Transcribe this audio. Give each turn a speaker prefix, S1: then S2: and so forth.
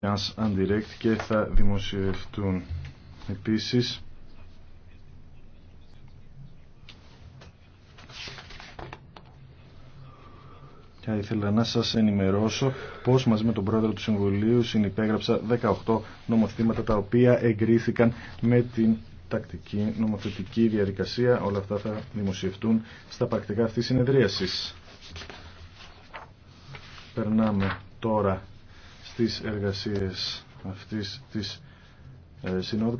S1: Ένας και θα δημοσιευτούν επίσης Θα ήθελα να σας ενημερώσω πως μαζί με τον πρόεδρο του Συμβουλίου συνυπέγραψα 18 νομοθήματα τα οποία εγκρίθηκαν με την τακτική νομοθετική διαδικασία. Όλα αυτά θα δημοσιευτούν στα πρακτικά αυτής συνεδρίασης. Περνάμε τώρα τις
S2: εργασίες αυτής της ε, συνόδου.